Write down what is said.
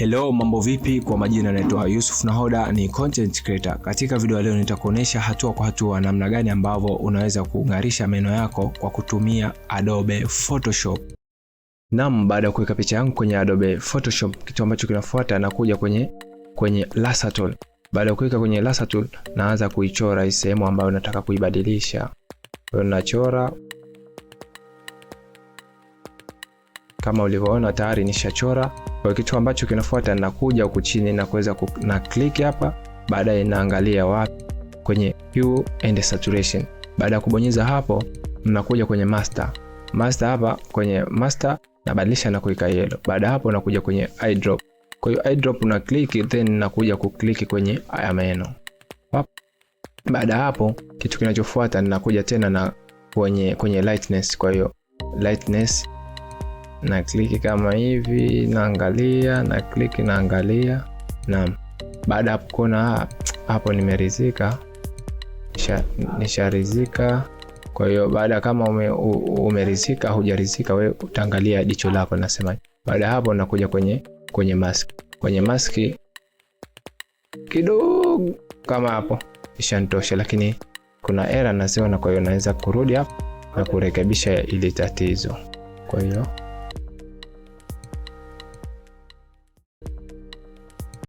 Hello, mambo vipi? Kwa majina naitwa Yusuf Nahoda, ni content creator. Katika video leo nitakuonesha hatua kwa hatua namna gani ambavyo unaweza kung'arisha meno yako kwa kutumia Adobe Photoshop. Naam, baada ya kuweka picha yangu kwenye Adobe Photoshop, kitu ambacho kinafuata nakuja kwenye kwenye Lasso tool. Baada ya kuweka kwenye Lasso tool, naanza kuichora hii sehemu ambayo nataka kuibadilisha. Kwa nachora kama ulivyoona tayari nishachora. Kwa kitu ambacho kinafuata, ninakuja huku chini na kuweza na click hapa, baadaye naangalia wapi kwenye hue and saturation. Baada ya kubonyeza hapo, mnakuja kwenye master. Master hapa kwenye master nabadilisha na kuika yellow. Baada hapo nakuja kwenye eye drop. Kwa hiyo eye drop na click then nakuja kuclick kwenye haya meno. Baada hapo kitu kinachofuata ninakuja tena na kwenye kwenye lightness. Kwa hiyo lightness na kliki kama hivi, naangalia na kliki naangalia. Naam, baada ya kuona ah, hapo nimeridhika, nisharidhika. Kwa hiyo baada kama ume, umeridhika hujaridhika, wewe utaangalia jicho lako nasema. Baada hapo unakuja kwenye kwenye mask, kwenye maski kidogo kama hapo ishanitosha, lakini kuna era naziona, kwa hiyo naweza kurudi hapo na kurekebisha ile tatizo, kwa hiyo